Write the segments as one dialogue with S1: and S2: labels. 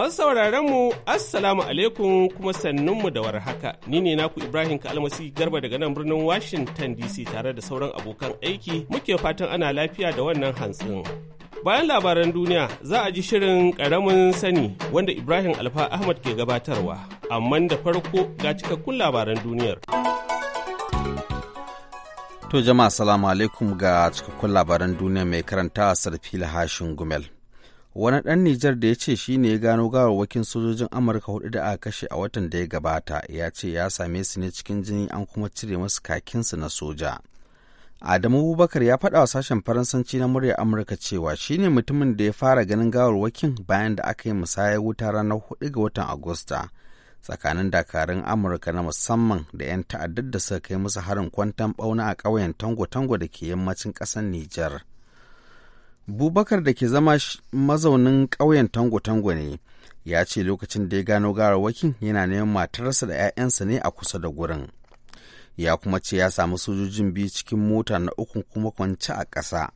S1: Masu sauraron mu Assalamu alaikum kuma sannunmu da warhaka. Ni ne naku Ibrahim Kalmasi Garba daga nan birnin Washington DC tare da sauran abokan aiki muke fatan ana lafiya da wannan hantsin. Bayan labaran duniya za a ji shirin karamin sani wanda Ibrahim Alfa Ahmad ke gabatarwa, amma da farko ga cikakkun labaran duniyar.
S2: To jama'a salamu alaikum ga cikakkun labaran duniya mai karanta Sarfila Hashin Gumel. wani ɗan Nijar da ya ce shi ne ya gano gawarwakin sojojin Amurka hudu da aka kashe a watan da ya gabata ya ce ya same su ne cikin jini an kuma cire masu kakinsu na soja. Adamu Abubakar ya faɗa wa sashen Faransanci na muryar Amurka cewa shi ne mutumin da ya fara ganin gawarwakin bayan da aka yi musayar wuta ranar hudu ga watan Agusta tsakanin dakarun Amurka na musamman da 'yan ta'addar da suka kai musu harin kwantan bauna a ƙauyen Tango-Tango da ke yammacin ƙasar Nijar. Bubakar da ke zama mazaunin ƙauyen tango-tango ne, ya ce lokacin da ya gano garawakin yana neman matarsa da 'ya'yansa ne a kusa da gurin. Ya kuma ce ya samu sojojin biyu cikin mota na uku kuma kwance a ƙasa.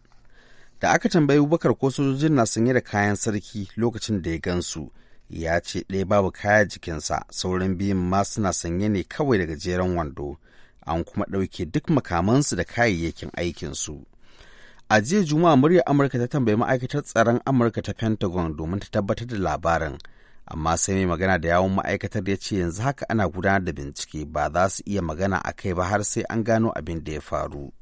S2: Da aka tambayi Bubakar ko sojojin na sanye da kayan sarki lokacin da ya gansu, ya ce ɗaya babu kaya jikinsa, sauran biyun ma suna sanye ne kawai da gajeren wando, an kuma ɗauke duk makamansu da kayayyakin aikinsu. A jiya Juma'a muryar Amurka ta tambayi ma'aikatar tsaron Amurka ta Pentagon domin ta tabbatar da labarin. Amma sai mai magana da yawon ma'aikatar ya ce yanzu haka ana gudanar da bincike ba za su iya magana a kai ba har sai an gano abin da ya faru.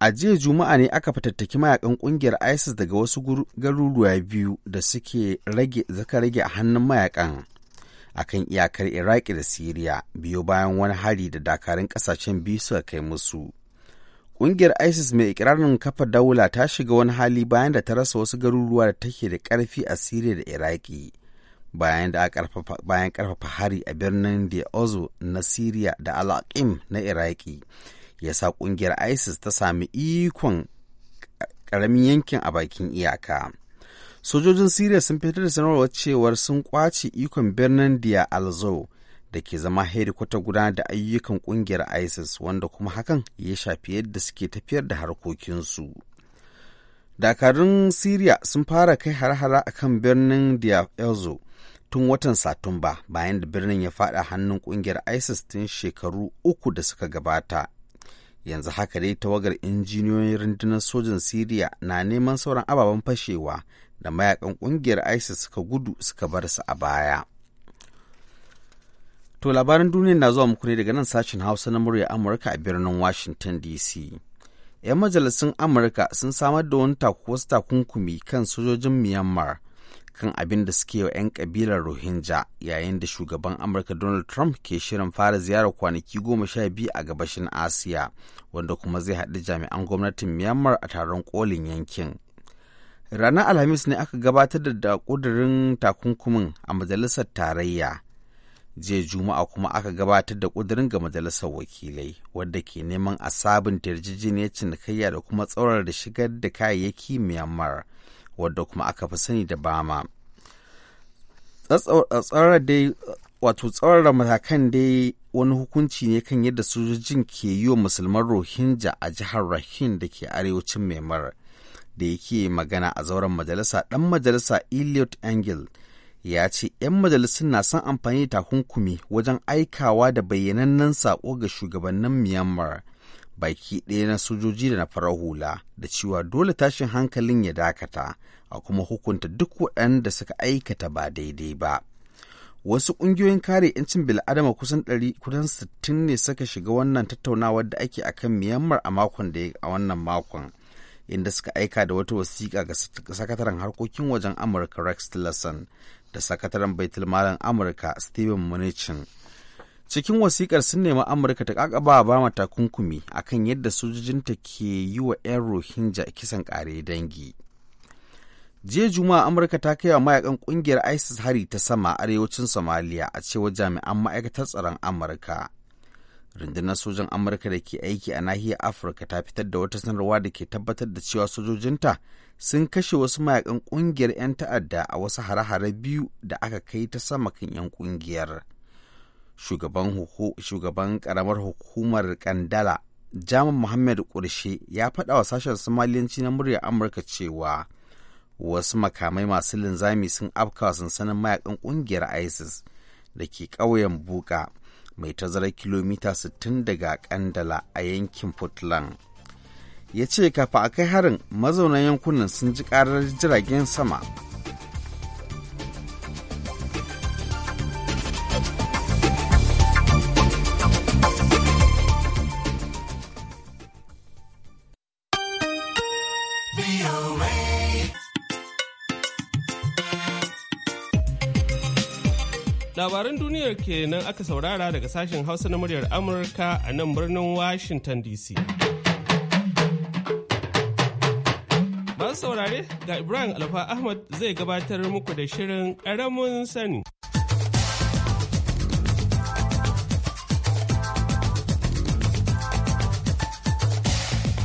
S2: A jiya Juma'a ne aka fatattaki mayakan kungiyar ISIS daga wasu garuruwa biyu da suke rage zaka rage a hannun mayakan a kan iyakar Iraki da Siriya biyo bayan wani hari da dakarun kasashen biyu suka kai musu. Ƙungiyar ISIS mai ikirarin kafa daula ta shiga wani hali bayan da ta rasa wasu garuruwa da take da ƙarfi a Siriya da Iraki. Bayan da bayan ƙarfafa hari a birnin Ozo na Siriya da al'aqim na Iraki, ya sa ƙungiyar ISIS ta sami ikon ƙaramin yankin a bakin iyaka. Sojojin Siriya sun fitar da sanarwar cewar sun kwace ikon birnin Dia Alzo da ke zama hedikwata gudana da ayyukan kungiyar isis wanda kuma hakan ya shafi yadda suke tafiyar da harkokinsu dakarun syria sun fara kai har hara a kan birnin deir tun watan satumba bayan da birnin ya fada hannun kungiyar isis tun shekaru uku da suka gabata yanzu haka dai tawagar injiniyoyin rundunar sojan syria na neman sauran ababen fashewa da mayakan kungiyar isis suka gudu suka bar su a baya To labaran duniya na zuwa muku ne daga nan sashen Hausa na murya Amurka a birnin Washington DC. 'Yan majalisun Amurka sun samar da wani wasu takunkumi kan sojojin Myanmar kan abin da suke wa 'yan kabilar Rohingya yayin da shugaban Amurka Donald Trump ke shirin fara ziyarar kwanaki goma sha biyu a gabashin Asiya wanda kuma zai haɗu jami'an gwamnatin Myanmar a taron kolin yankin. Ranar Alhamis ne aka gabatar da ƙudurin takunkumin a majalisar tarayya jiya juma'a kuma aka gabatar da ƙudurin ga majalisar wakilai wadda ke neman a sabunta yarjejeniyar cinikayya da kuma tsaurar da shigar da kayayyaki myanmar wadda kuma aka fi sani da bama wato tsaurar matakan dai wani hukunci ne kan yadda sojojin ke yi wa musulman rohingya a jihar rahin da ke arewacin myanmar da yake magana a zauren majalisa ɗan majalisa Elliot angel. ya ce 'yan majalisun na son amfani da takunkumi wajen aikawa da bayyanannen saƙo ga shugabannin Myanmar baki ɗaya na sojoji da na farar hula da cewa dole tashin hankalin ya dakata a kuma hukunta duk waɗanda suka aikata ba daidai ba. Wasu ƙungiyoyin kare 'yancin bil'adama kusan ɗari ne suka shiga wannan tattaunawa da ake a kan Myanmar a makon da a wannan makon. inda suka aika da wata wasiƙa ga sakataren harkokin wajen amurka rex tillerson da sakataren baitulmalin amurka steven mnuchin cikin wasikar sun nemi amurka ta kakaba ba mata takunkumi akan yadda sojojinta ke yi wa 'yan rohingya kisan kare dangi jiya juma'a amurka ta kai wa mayakan kungiyar isis hari ta sama arewacin somalia a cewar jami'an ma'aikatar tsaron amurka rundunar sojan amurka da ke aiki a nahiyar afirka ta fitar da wata sanarwa da ke tabbatar da cewa sojojinta sun kashe wasu mayakan kungiyar 'yan ta'adda a wasu hare-hare biyu da aka kai ta sama kan 'yan kungiyar shugaban shugaban karamar hukumar kandala jamus muhammad kurshe ya faɗa wa sashen somaliyanci na muryar amurka cewa wasu makamai masu linzami sun afka sansanin mayakan kungiyar isis da ke ƙauyen buka mai tazarar kilomita 60 daga Kandala a yankin Portland. Ya ce kafa a kai harin mazaunan yankunan sun ji karar jiragen sama.
S1: aka saurara daga sashen Hausa na muryar Amurka a nan birnin Washington DC. Masu saurare ga Ibrahim Alfa Ahmad zai gabatar muku da shirin ƙaramin sani.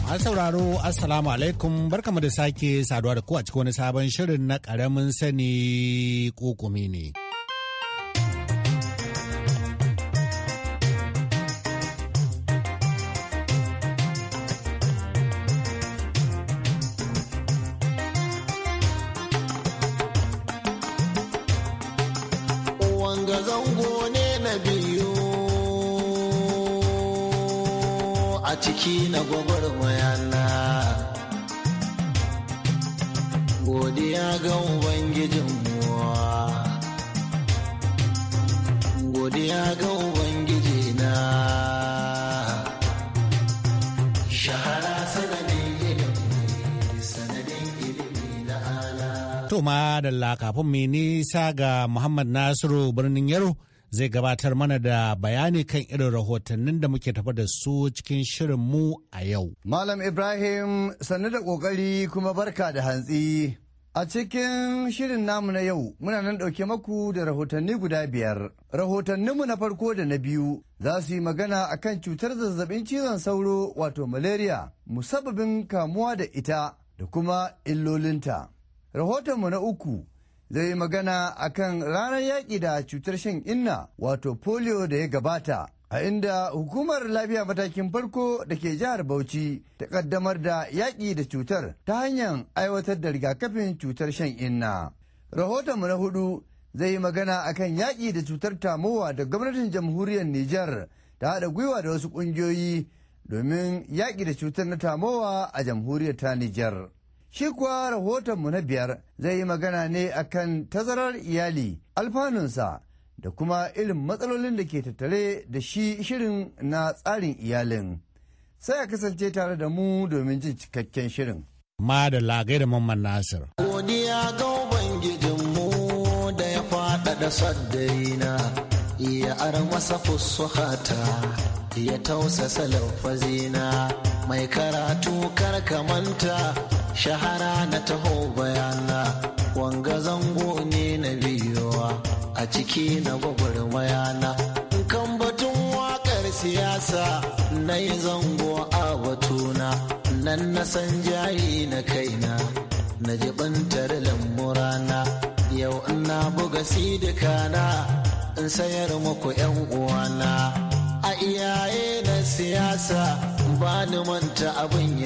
S1: Masu
S3: sauraro Assalamu alaikum barkamu da sake saduwa da ku a cikin wani sabon shirin na ƙaramin sani kokumi ne. kafin mai nisa ga Muhammad Nasiru birnin Yaro zai gabatar mana da
S4: bayani kan irin rahotannin da muke tafa da su cikin shirinmu a yau. Malam Ibrahim sannu da ƙoƙari kuma barka da hantsi. A cikin shirin namu na yau muna nan ɗauke maku da rahotanni guda biyar. Rahotanninmu na farko da na biyu za su yi magana a kan cutar zazzabin cizon sauro wato malaria musababin kamuwa da ita da kuma illolinta. Rahotonmu na uku zai yi magana a kan ranar yaƙi da cutar shan inna wato polio da ya gabata a inda hukumar lafiya matakin farko da ke jihar bauchi ta kaddamar da yaƙi da cutar ta hanyar aiwatar da rigakafin cutar shan inna rahotonmu na hudu zai yi magana a kan yaƙi da cutar tamowa da gwamnatin jamhuriyar nijar ta haɗa gwiwa da wasu ƙungiyoyi domin yaƙi da cutar na tamowa a jamhuriyar ta nijar Shi kuwa rahotonmu na biyar zai yi magana ne akan tazarar iyali, alfanunsa da kuma irin matsalolin da ke tattare da shi shirin na tsarin iyalin. Sai a kasance tare da mu domin jin cikakken shirin. Ma da lagai da Mamman Nasir.
S5: Godiya ga Ubangijinmu da ya faɗaɗa saddaina, iya ar masa fusuhata. ya tausasa lafazina mai karatu karkamanta shahara na taho bayana wanga zango ne na biyuwa a ciki na gwagwarmayana kan batun wakar siyasa na yi zango a batuna nan na san jayi na kaina na jibantar lamurana yau ina buga sidikana, in sayar muku 'yan uwana a iyaye na siyasa ba ni manta abin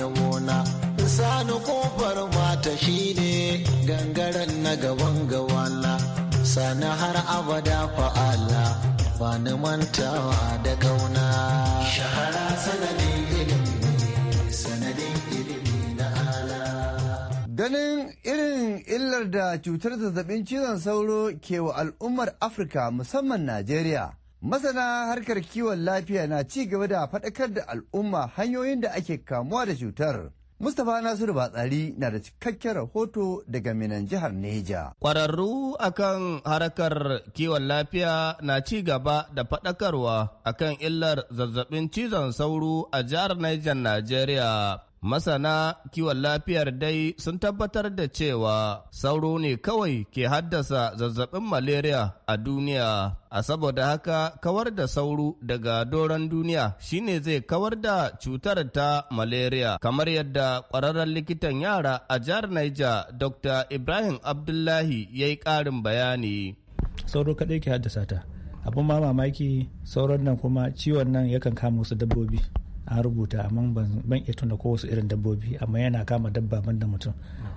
S5: na. sani kofar mata shine gangaren na gaban gawana sani har abada fa'ala ba ni mantawa da kauna shahara sanadin ilimi sanadin ilimi na ala
S4: ganin irin illar da cutar zazzabin cizon sauro ke wa al'ummar afirka musamman najeriya Masana harkar kiwon lafiya na ci gaba da faɗakar da al'umma hanyoyin da ake kamuwa da cutar. Mustapha Nasiru Batsari na da cikakken rahoto daga Minan jihar Neja.
S6: Ƙwararru akan harkar kiwon lafiya na ci gaba da faɗakarwa akan illar zazzabin cizon sauro a jihar Nijar Najeriya. Masana kiwon lafiyar dai sun tabbatar da cewa sauro ne kawai ke haddasa zazzabin malaria a duniya, a saboda haka kawar da sauro daga doron duniya shine zai kawar da cutar ta malaria, kamar yadda ƙwararren likitan yara a jihar Niger Dr. Ibrahim Abdullahi ya yi ƙarin bayani.
S3: Sauro kaɗai ke haddasa ta, abin ma mamaki sauron nan kuma ciwon nan yakan kama wasu dabbobi. an rubuta amma ban iya tuna ko wasu irin dabbobi amma yana kama dabba ban da mutum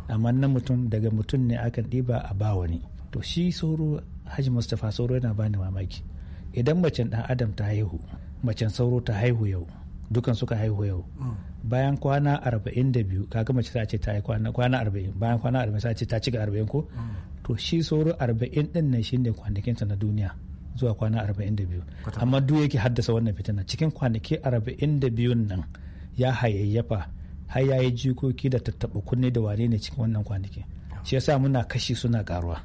S3: amma na mutum daga mutum ne akan ɗiba a ba wani to shi sauro haji mustapha sauro yana bani mamaki idan macen ɗan adam ta haihu macen sauro ta haihu yau dukan suka haihu yau bayan kwana arba'in da biyu kaga mace ta ce ta yi kwana arba'in bayan kwana arba'in ta ce ta ci ga arba'in ko to shi sauro arba'in ɗin nan shine kwanakinta na duniya zuwa kwana 42 amma duk yake haddasa wannan fitina cikin kwanaki 42 nan ya hayayyafa har ya yi jikoki da tattaɓa kunne da wane ne cikin wannan kwanaki shi yasa muna kashi suna karuwa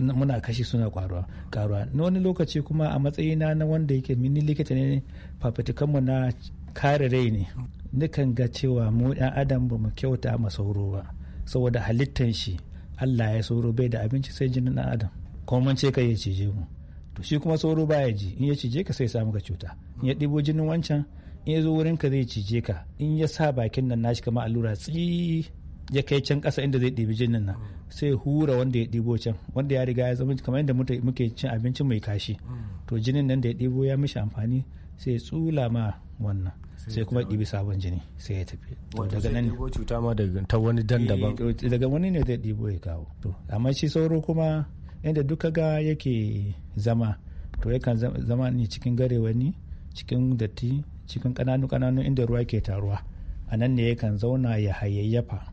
S3: muna kashi suna karuwa karuwa na wani lokaci kuma a matsayina na wanda yake mini likita ne fafitikanmu na kare rai ne nukan ga cewa mu ɗan adam ba mu kyauta ma sauro ba saboda halittan shi Allah ya sauro bai da abinci sai jinin dan adam kuma mun ce ka ya cije mu to shi kuma sauro baya ji in ya cije ka sai samu ka cuta in ya ɗibo jinin wancan in ya zo wurin ka zai cije ka in ya sa bakin nan nashi kamar allura tsi ya kai can ƙasa inda zai ɗibi jinin nan sai hura wanda ya ɗibo can wanda ya riga ya zama kamar yadda muke cin abinci mai kashi to jinin nan da ya ɗibo ya mishi amfani sai tsula ma wannan sai kuma ɗibi sabon jini sai ya tafi daga nan ɗibo cuta ma daga ta wani dandaban eh, daga wani ne zai ɗibo ya kawo to amma shi sauro kuma inda duka ga yake zama to yakan zama ne cikin garewani cikin datti cikin kananu kananu inda ruwa ke taruwa a nan ne yakan zauna ya hayayyafa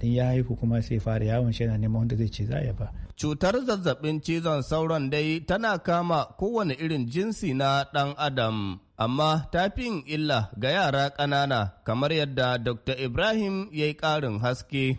S3: in ya haihu kuma sai fara yawon shi yana neman wanda zai ce za ya yaba.
S6: Cutar zazzabin cizon sauran dai tana kama kowane irin jinsi na ɗan adam. Amma tafin illa ga yara ƙanana kamar yadda Dr. Ibrahim ya yi ƙarin haske.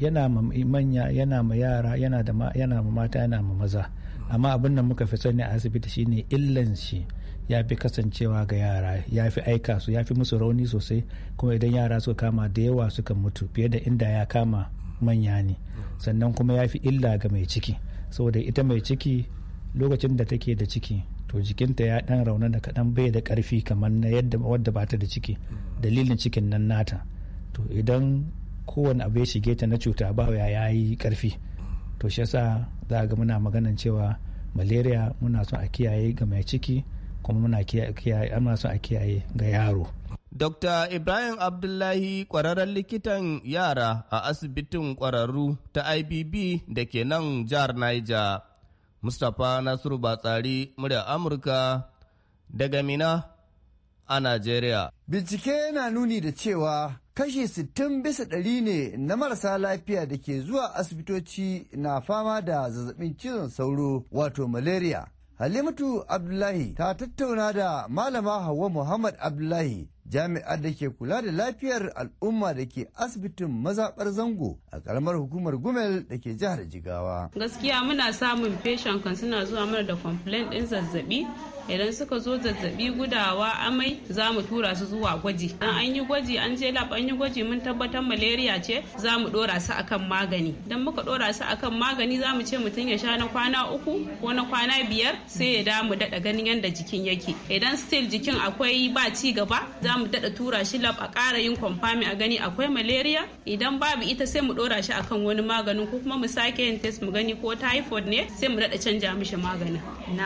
S3: yana ma manya yana ma yara yana da ma yana ma mata yana ma maza amma abin da muka fi sani a asibiti shine illan shi ya fi kasancewa ga yara ya fi aika su ya fi musu rauni sosai kuma idan yara suka kama da yawa suka mutu fiye da inda ya kama manya ne sannan kuma ya fi illa ga mai ciki saboda ita mai ciki lokacin da take da ciki to jikinta ya dan da kaɗan bai da karfi kamar na yadda wadda ba ta da ciki dalilin cikin nan nata to idan kowane abu ya shige ta na cuta ba ya yi karfi to shi yasa za ga muna maganan cewa malaria muna son a kiyaye ga mai ciki kuma muna kiyaye son a kiyaye ga yaro
S6: Dr. Ibrahim Abdullahi kwararren likitan yara a asibitin kwararru ta IBB da ke nan jihar Niger. Mustapha Nasiru Batsari murya Amurka daga Mina a Najeriya.
S4: Bincike yana nuni da cewa kashi 60 bisa ɗari ne na marasa lafiya da ke zuwa asibitoci na fama da zazzabin cizon sauro wato malaria. Halimatu Abdullahi ta tattauna da Malama Hauwa Muhammad Abdullahi jami'ar da ke kula da lafiyar al'umma da ke asibitin mazaɓar zango a karamar hukumar gumel da ke jihar jigawa
S7: gaskiya muna samun feshen kan suna zuwa mana da complaint ɗin zazzabi idan suka zo zazzabi gudawa amai za mu tura su zuwa gwaji An an yi gwaji an je lab an yi gwaji mun tabbatar malaria ce za mu dora su akan magani Idan muka dora su akan magani za mu ce mutum ya sha na kwana uku ko na kwana biyar sai ya da mu daɗa ganin yadda jikin yake idan still jikin akwai ba ci gaba za mu dada tura shi lab a ƙara yin kwamfami a gani akwai malaria idan babu ita sai mu dora shi akan wani maganin ko kuma mu sake yin test mu gani ko typhoid ne sai mu dada canja mishi maganin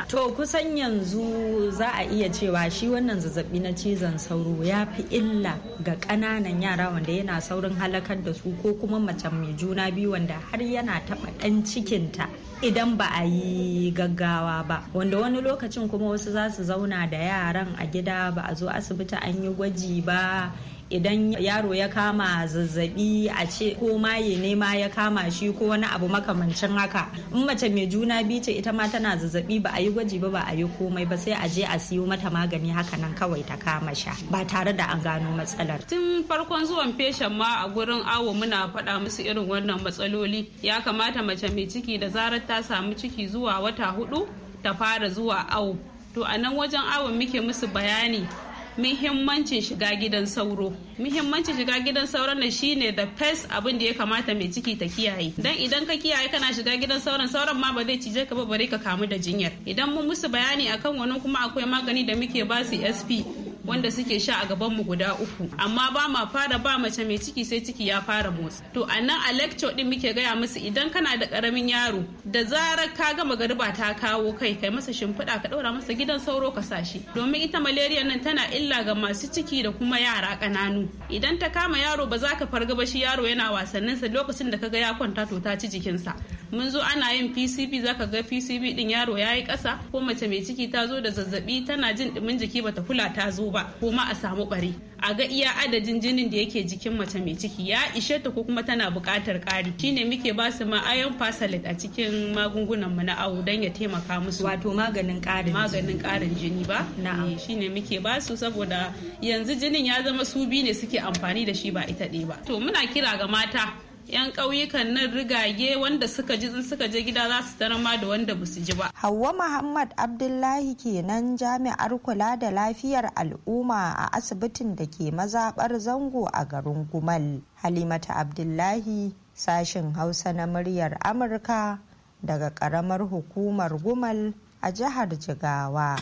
S7: to kusan yanzu za a iya cewa shi wannan zazzabi na cizon sauro ya fi illa ga ƙananan yara wanda yana saurin halakar da su ko kuma mace mai juna biyu wanda har yana taɓa ɗan cikinta idan ba a yi gaggawa ba wanda wani lokacin kuma wasu za su zauna da yaran a gida ba a zo asibiti an yi gwaji ba idan yaro ya kama zazzabi a ce ko maye ne ma ya kama shi ko wani abu makamancin haka in mace mai juna biyu ce ita ma tana zazzabi ba a yi gwaji ba ba a yi komai ba sai a je a siyo mata magani haka nan kawai ta kama sha ba tare da an gano matsalar tun farkon zuwan feshen ma a gurin awo muna faɗa musu irin wannan matsaloli ya kamata mace mai ciki da zarar ta samu ciki zuwa wata hudu ta fara zuwa awo to a nan wajen awon muke musu bayani muhimmancin shiga gidan sauro muhimmancin shiga gidan sauro na shine da fes abin da ya kamata mai ciki ta kiyaye dan idan ka kiyaye kana shiga gidan sauron sauron ma ba zai cije ka ba bare ka kamu da jinyar idan mun musu bayani akan wannan kuma akwai magani da muke basu sp wanda suke sha a gaban mu guda uku amma ba ma fara ba mace mai ciki sai ciki ya fara motsi to a nan a lecture din muke gaya musu idan kana da karamin yaro da zarar ka gama garba ta kawo kai kai masa shimfiɗa ka ɗaura masa gidan sauro ka sa shi domin ita malaria nan tana illa ga masu ciki da kuma yara ƙananu idan ta kama yaro ba za ka farga ba shi yaro yana wasannin sa lokacin da kaga ya kwanta to ta ci jikinsa mun zo ana yin pcb zaka ga pcb din yaro ya yi ƙasa ko mace mai ciki ta zo da zazzabi tana jin ɗumin jiki bata kula ta zo ba ba ko ma a samu bari a ga iya adadin jinin da yake jikin mace mai ciki ya ishe ta ko kuma tana bukatar ƙari shine muke ba su ma ayon fasalit a cikin magungunan mu na awo don ya taimaka musu wato maganin ƙarin maganin ƙarin jini ba na'am eh, shine muke ba su saboda yanzu jinin ya zama su biyu ne suke amfani da shi ba ita ɗaya ba to muna kira ga mata 'yan ƙauyukan nan rigage wanda suka ji in suka je gida za su tarama da wanda ba su ji ba. Hauwa Muhammad Abdullahi kenan jami'ar kula da lafiyar al'umma a asibitin da ke mazaɓar zango a garin Gumal. Halimata Abdullahi sashin Hausa na muryar Amurka daga ƙaramar hukumar Gumal a jihar Jigawa.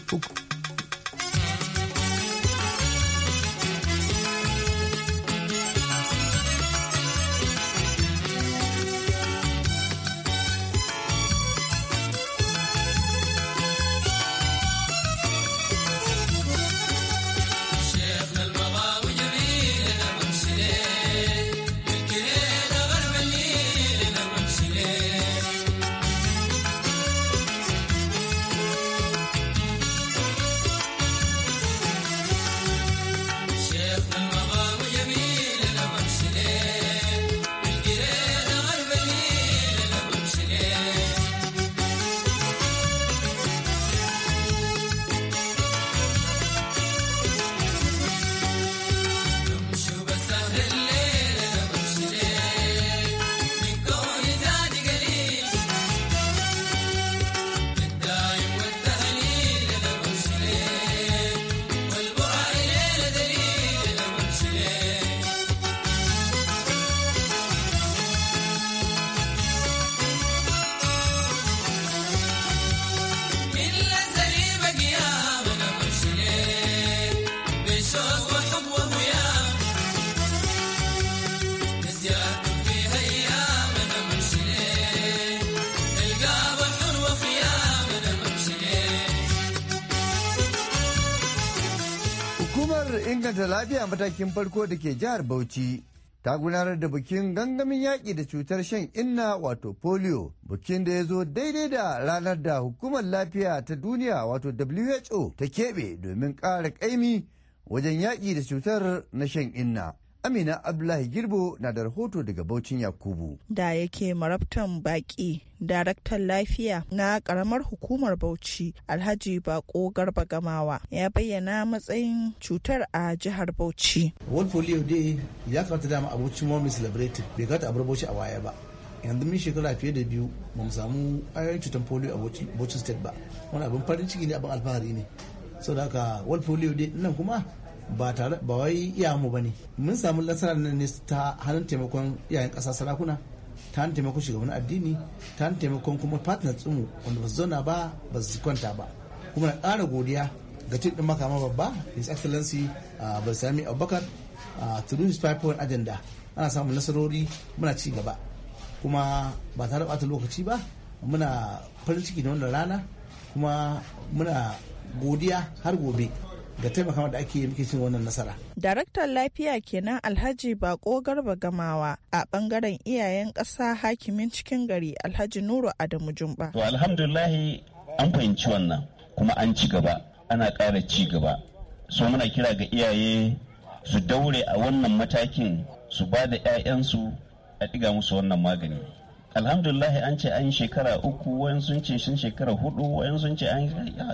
S4: inganta lafiya matakin farko da ke jihar Bauchi ta gudanar da bikin gangamin yaƙi da cutar shan inna wato polio bikin da ya zo daidai da ranar da hukumar lafiya ta duniya wato WHO ta keɓe domin ƙara ƙaimi wajen yaƙi da cutar na shan inna. Amina Abdullahi Girbo na da rahoto daga Baucin Yakubu.
S7: Da yake marabtan baki daraktan lafiya na karamar hukumar Bauchi Alhaji Bako Garba Gamawa ya bayyana matsayin cutar a jihar Bauchi. World Polio Day ya kamata dama
S5: abocin mu celebrated bai kata abar Bauchi a waya ba. yanzu mun shekara fiye da biyu ba mu samu ayoyin cutar polio a Bauchi State ba. Wani abin farin ciki ne abin alfahari ne. Saboda haka World Polio Day nan kuma ba tare ba wai iya ba ne mun samu nasarar nan ne ta hannun taimakon iyayen ƙasa sarakuna ta hannun taimakon shugaban addini ta hannun taimakon kuma partners ɗinmu wanda ba su zauna ba ba su kwanta ba kuma na ƙara godiya ga tun ɗin makama babba his excellency ah, balsami abubakar ah, through his five point agenda ana samun nasarori muna ci gaba kuma ba tare ɓata lokaci ba muna farin ciki da wannan rana kuma muna godiya har gobe da taimaka da ake yi muke wannan nasara.
S7: Daraktan lafiya kenan Alhaji Bako Garba Gamawa a bangaren iyayen ƙasa hakimin cikin gari Alhaji Nuru Adamu Jumba. To
S8: alhamdulillahi an fahimci wannan kuma an ci gaba ana ƙara ci gaba. So muna kira ga iyaye su daure a wannan matakin su ba da 'ya'yansu a ɗiga musu wannan magani. alhamdulillah an ce an shekara uku wayan sun ce sun shekara hudu wayan sun ce an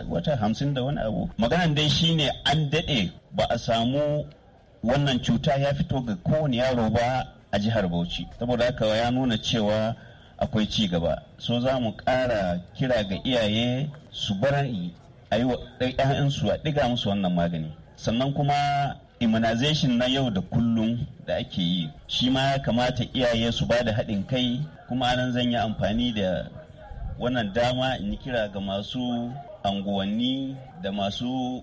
S8: wata hamsin da wani abu maganan dai shine an daɗe ba a samu wannan cuta ya fito ga kowane yaro ba a jihar bauchi saboda haka ya nuna cewa akwai ci gaba so za mu ƙara kira ga iyaye su barani a yi wa a ɗiga musu wannan magani sannan kuma immunization na yau da kullum da ake yi shi ma ya kamata iyaye su ba da haɗin kai kuma anan zan yi amfani da wannan dama in yi kira ga masu anguwanni da masu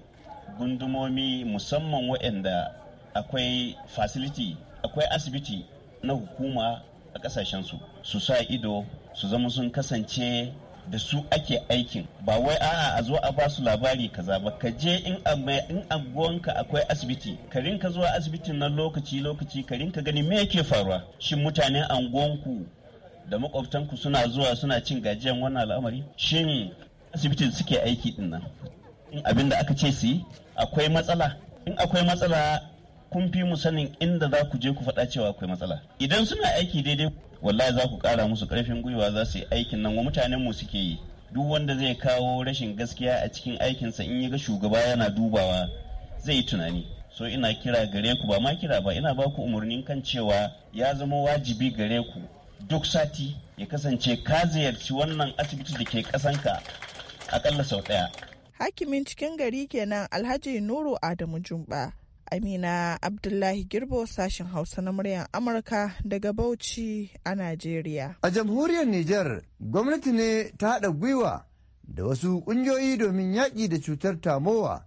S8: gundumomi musamman waɗanda akwai fasiliti akwai asibiti na hukuma a ƙasashensu su sa ido su zama sun kasance da su ake aikin ba wai a'a a zo a basu labari kaza ba ka je in abuwanka akwai asibiti ka rinka zuwa asibitin na lokaci lokaci ka rinka gani me yake faruwa shin mutanen anguwanku da makwabtanku suna zuwa suna cin gajiyan wannan al'amari shin asibitin suke aiki din nan in abin da aka ce su yi akwai matsala in akwai matsala kun fi mu sanin inda za ku je ku faɗa cewa akwai matsala idan suna aiki daidai wallahi za ku ƙara musu ƙarfin gwiwa za su yi aikin nan wa mutanen mu suke yi duk wanda zai kawo rashin gaskiya a cikin aikinsa in ya ga shugaba yana dubawa zai yi tunani so ina kira gare ku ba ma kira ba ina baku umarnin kan cewa ya zama wajibi gare ku duk sati ya kasance ka ziyarci wannan asibiti da ke kasanka akalla sau ɗaya.
S7: Hakimin cikin gari kenan Alhaji Nuru Adamu Jumba. Amina Abdullahi Girbo sashen Hausa na muryar Amurka daga Bauchi a Najeriya.
S4: A jamhuriyar Nijar, gwamnati ne ta haɗa gwiwa da wasu ƙungiyoyi domin yaƙi da cutar tamowa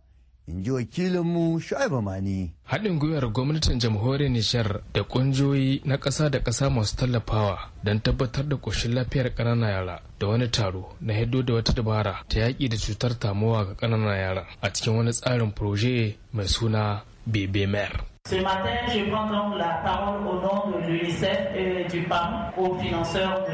S4: in ji wakilinmu Shu'aibu Mani.
S9: Haɗin gwiwar gwamnatin jamhuriyar Nishar da ƙungiyoyi na ƙasa da ƙasa masu tallafawa don tabbatar da ƙoshin lafiyar ƙananan yara da wani taro na hiddo da wata dabara ta yaƙi da cutar tamowa ga ƙananan yara a cikin wani tsarin mai suna Bebe Mer.
S5: Ce matin, je prends la parole au nom de l'UNICEF et du PAM, financeurs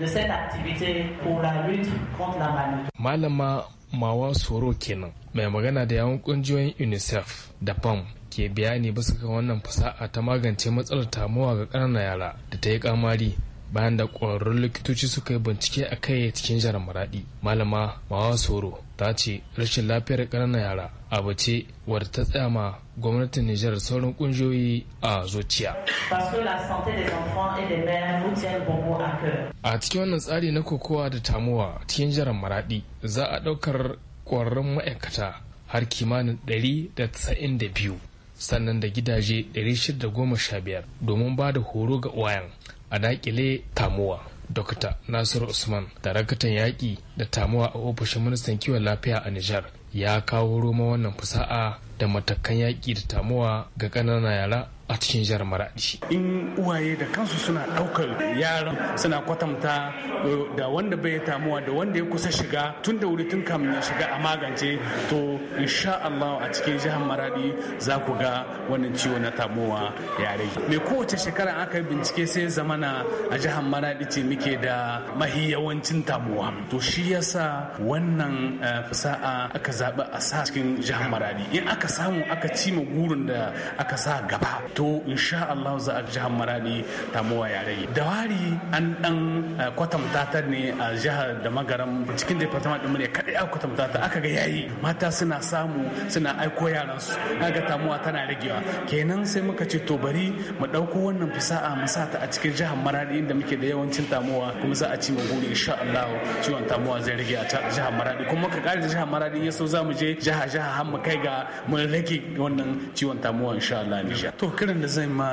S5: de, cette activité pour la lutte contre la
S9: Malama mawa soro kenan mai magana da yawon kungiyoyin unicef da pam ke bayani bisa ga wannan fasaha ta magance matsalar tamuwa ga ƙananan yara da ta yi kamari bayan da ƙwararrun likitoci suka yi bincike a kai cikin jihar maradi malama mawa soro ta ce rashin lafiyar ƙananan yara abu ce wadda ta tsaya ma gwamnatin nijar sauran ƙungiyoyi a zuciya a cikin wannan tsari na kokowa da tamuwa cikin jihar maradi za a ɗaukar ƙwararrun ma'aikata har kimanin 192 sannan da gidaje 615 domin ba da horo ga wayan a dakile tamuwa. Dokta Nasiru Usman, darakatan yaƙi da tamuwa a ofishin ministan kiwon lafiya a Nijar, ya kawo roma wannan fusa'a da matakan yaƙi da tamuwa ga ƙananan yara a cikin jihar maradi
S10: in uwaye da kansu suna ɗaukar yara suna kwatanta eh, da wanda bai tamuwa da wanda ya kusa shiga tun da wuri tun kamun ya shiga a magance to insha Allah a cikin jihar maradi za ku ga wannan ciwo na tamuwa yare mai kowace shekara aka yi bincike sai zamana a jihar maradi ce muke da mahi yawancin tamuwa to shi yasa wannan eh, fasa'a aka zaɓi a sa cikin jihar maradi in aka samu aka ci ma gurin da aka sa gaba to insha Allah za a jihar maradi ta muwa yare da wari an dan eh, kwatanta ta ne a jihar da magaram cikin department din ne kadai aka kwatanta ta aka ga yayi mata suna samu suna aiko yaran su kaga tamuwa tana ragewa kenan sai muka ce to bari mu dauko wannan fisa'a mu sa ta a cikin jihar maradi inda muke da yawancin tamuwa kuma za a ci ma gurin insha Allah ciwon tamuwa zai rage a jihar maradi kuma muka kare da jihar maradi ya so za mu je jiha jiha har mu kai ga mun rage wannan ciwon tamuwa insha Allah nisha to kiran da zai ma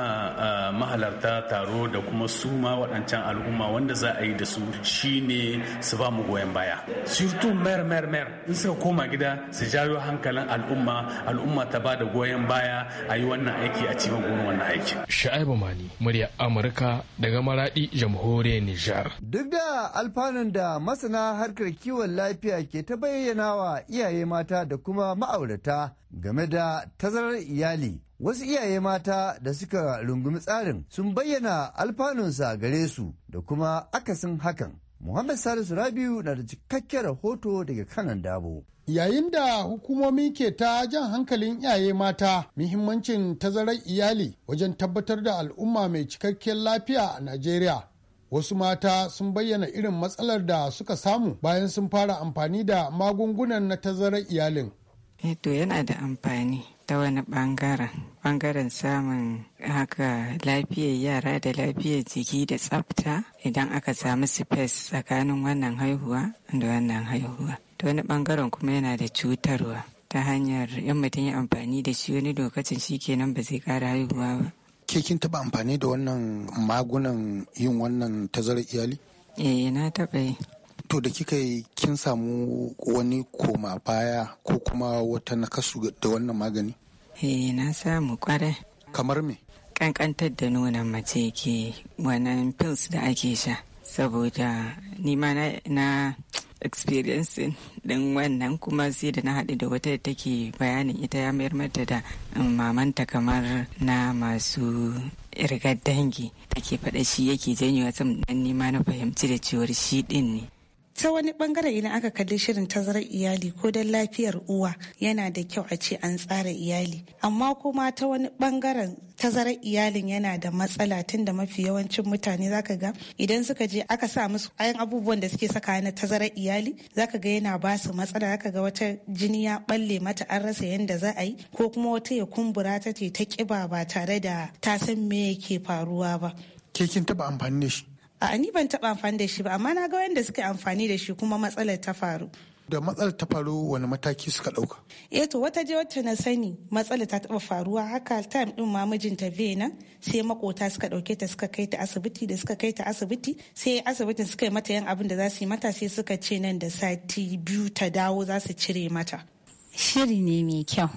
S10: ah, mahalarta taro da kuma su ma waɗancan al'umma wanda za a yi da su shine su ba mu goyon baya surtout mer mer mer in suka koma gida su jawo hankalin al'umma al'umma ta ba da goyon baya a yi wannan aiki a cikin gurin wannan aiki sha'ibu mani murya
S9: amurka daga maradi jamhuriyar nijar
S4: duk da alfanun da masana harkar kiwon lafiya ke ta bayyana wa iyaye iyaye mata da kuma ma'aurata game da tazarar iyali. Wasu iyaye mata da suka rungumi tsarin sun bayyana alfanunsa gare su da kuma akasin hakan. Muhammad Salisu Rabiu na da cikakken rahoto daga kanan dabo. Yayin da hukumomi ke ta jan
S10: hankalin iyaye mata muhimmancin tazarar iyali wajen tabbatar da al'umma mai cikakken lafiya a Najeriya. wasu mata sun bayyana irin matsalar da suka samu
S11: bayan sun fara amfani da magungunan na tazarar iyalin eh, to yana da amfani ta wani bangaren bangaren samun haka lafiyar yara da lafiyar jiki da tsafta idan aka samu space tsakanin wannan haihuwa da wannan haihuwa ta wani bangaren kuma yana da cutarwa ta hanyar yan mutum ya amfani da shi wani lokacin shi kenan ba zai kara haihuwa ba ke kin taba amfani da wannan magunan yin wannan tazarar iyali eh na taba yi to da
S5: kika yi kin samu wani koma baya ko kuma wata nakasu da wannan
S11: magani eh na samu kwarai kamar me kankantar da nonon mace ke wannan pills da ake sha saboda ni ma na experiencing din wannan kuma sai da na haɗu da wata da take bayanin ita ya mayar mata da um, mamanta kamar na masu irgar dangi take faɗa shi yake janyo wata dan nima na fahimci da cewar shi ɗin ne ta
S7: wani bangare idan aka kalli shirin tazarar iyali ko don lafiyar uwa yana da kyau a ce an tsara iyali amma kuma ta wani bangaren tazarar iyalin yana da matsala tun da mafi yawancin mutane zaka ga idan suka je aka sa musu ayan abubuwan da suke saka na tazarar iyali zaka ga yana ba su matsala zaka ga wata jini ya balle mata an rasa yadda za a yi ko kuma wata ya kumbura ta ce ta kiba ba tare da ta san me yake faruwa ba ke kin taba amfani da shi a ni ban taba amfani da shi ba amma na ga wanda suka amfani da shi kuma matsalar ta faru da matsalar ta faru wani mataki suka dauka eh to wata je wata na sani matsalar ta taba faruwa haka time din ma mijinta nan sai makota suka dauke ta suka kai ta asibiti da suka kai ta asibiti sai asibitin suka yi mata yan abin da za su yi mata sai suka ce nan da sati biyu ta dawo za su cire mata
S11: shiri ne mai kyau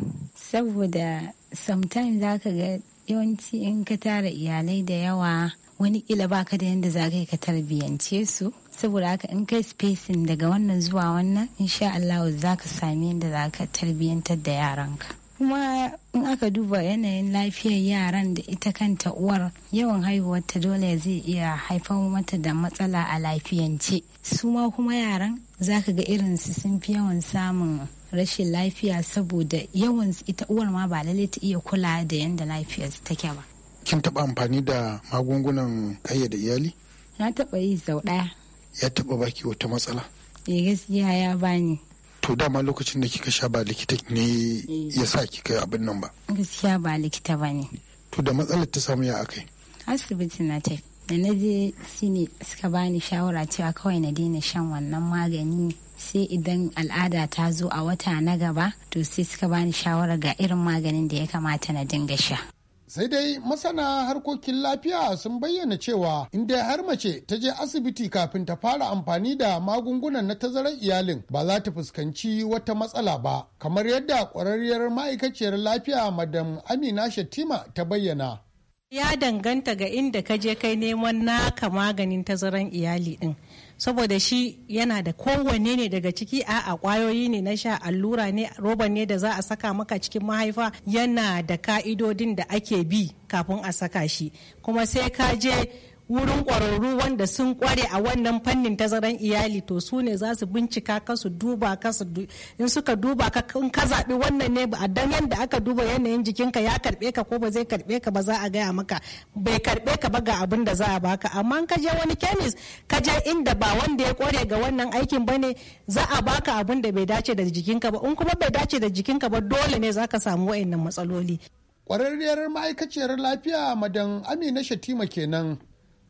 S11: saboda sometimes za ka ga yawanci in ka tara iyalai da yawa wani kila baka da yadda za ka yi ka tarbiyance su saboda haka in kai spacing daga wannan zuwa wannan insha Allah za ka sami yadda za ka tarbiyantar da yaranka kuma in aka duba yanayin lafiyar yaran da ita kanta uwar yawan haihuwarta dole zai iya haifar mata da matsala a lafiyance su ma kuma yaran za ka ga su sun fi yawan samun rashin lafiya saboda yawan ita uwar ma ba lalle ta iya kula da yadda lafiyar take ba
S10: kin taɓa amfani da magungunan ƙayyade iyali?
S11: Na taɓa yi sau ɗaya.
S10: Ya taɓa baki wata matsala?
S11: Eh gaskiya ya bani.
S10: To dama lokacin da kika sha ba likita ne eh. ya sa kika abin nan ba?
S11: Gaskiya ba likita ba ne.
S10: To da matsalar ta samu ya akai?
S11: Asibiti na ta da na je shine suka bani shawara cewa kawai na daina shan wannan magani sai idan al'ada ta zo a wata na gaba to sai suka bani shawara ga irin maganin da ya kamata na dinga sha
S10: sai dai masana harkokin lafiya sun bayyana cewa in dai har mace ta je asibiti kafin ta fara amfani da magungunan na tazarar iyalin ba za ta fuskanci wata matsala ba kamar yadda kwararriyar ma'aikaciyar
S7: lafiya madam amina shatima ta bayyana Ya danganta ga inda ka je kai neman naka maganin tazaran iyali din. Saboda shi yana da kowanne ne daga ciki a'a kwayoyi ne na sha allura ne roba ne da za a saka maka cikin mahaifa yana da ka'idodin da ake bi kafin a saka shi. Kuma sai ka je wurin ƙwararru wanda sun kware a wannan fannin tazaran iyali to su ne za su bincika ka su duba ka su in suka duba ka in ka zaɓi wannan ne ba dan yadda aka duba yanayin jikinka ya karɓe ka ko ba zai karɓe ka ba za a gaya maka bai karɓe ka ba ga abin da za a baka amma ka je wani kemis ka je inda ba wanda ya kware ga wannan aikin ba ne za a baka abin da bai dace da jikinka ba in kuma bai dace da jikinka ba dole ne za ka samu wayannan matsaloli. Ƙwararriyar ma'aikaciyar lafiya madan Amina Shatima
S4: kenan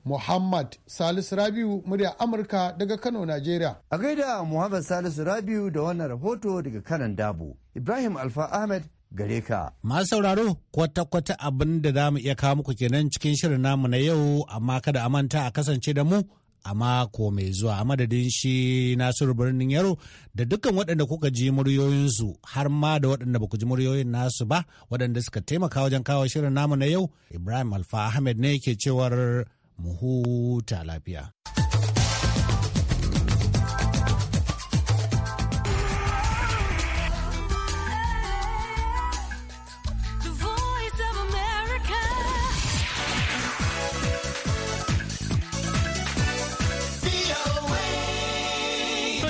S4: Muhammad Salisu Rabiu murya Amurka daga Kano, Najeriya. A gaida Muhammad Salisu Rabiu da wannan rahoto daga kanan dabu Ibrahim Alfa Ahmed gare ka.
S3: Masu sauraro kwata-kwata abin da za mu iya kawo muku kenan cikin shirin namu na yau amma kada a manta a kasance da mu a mako mai zuwa a madadin shi nasiru birnin yaro da dukkan waɗanda kuka ji muryoyinsu har ma da waɗanda ba ku ji muryoyin nasu ba waɗanda suka taimaka wajen kawo shirin namu na yau ibrahim alfa ahmed ne ke cewar
S10: mu huta lafiya.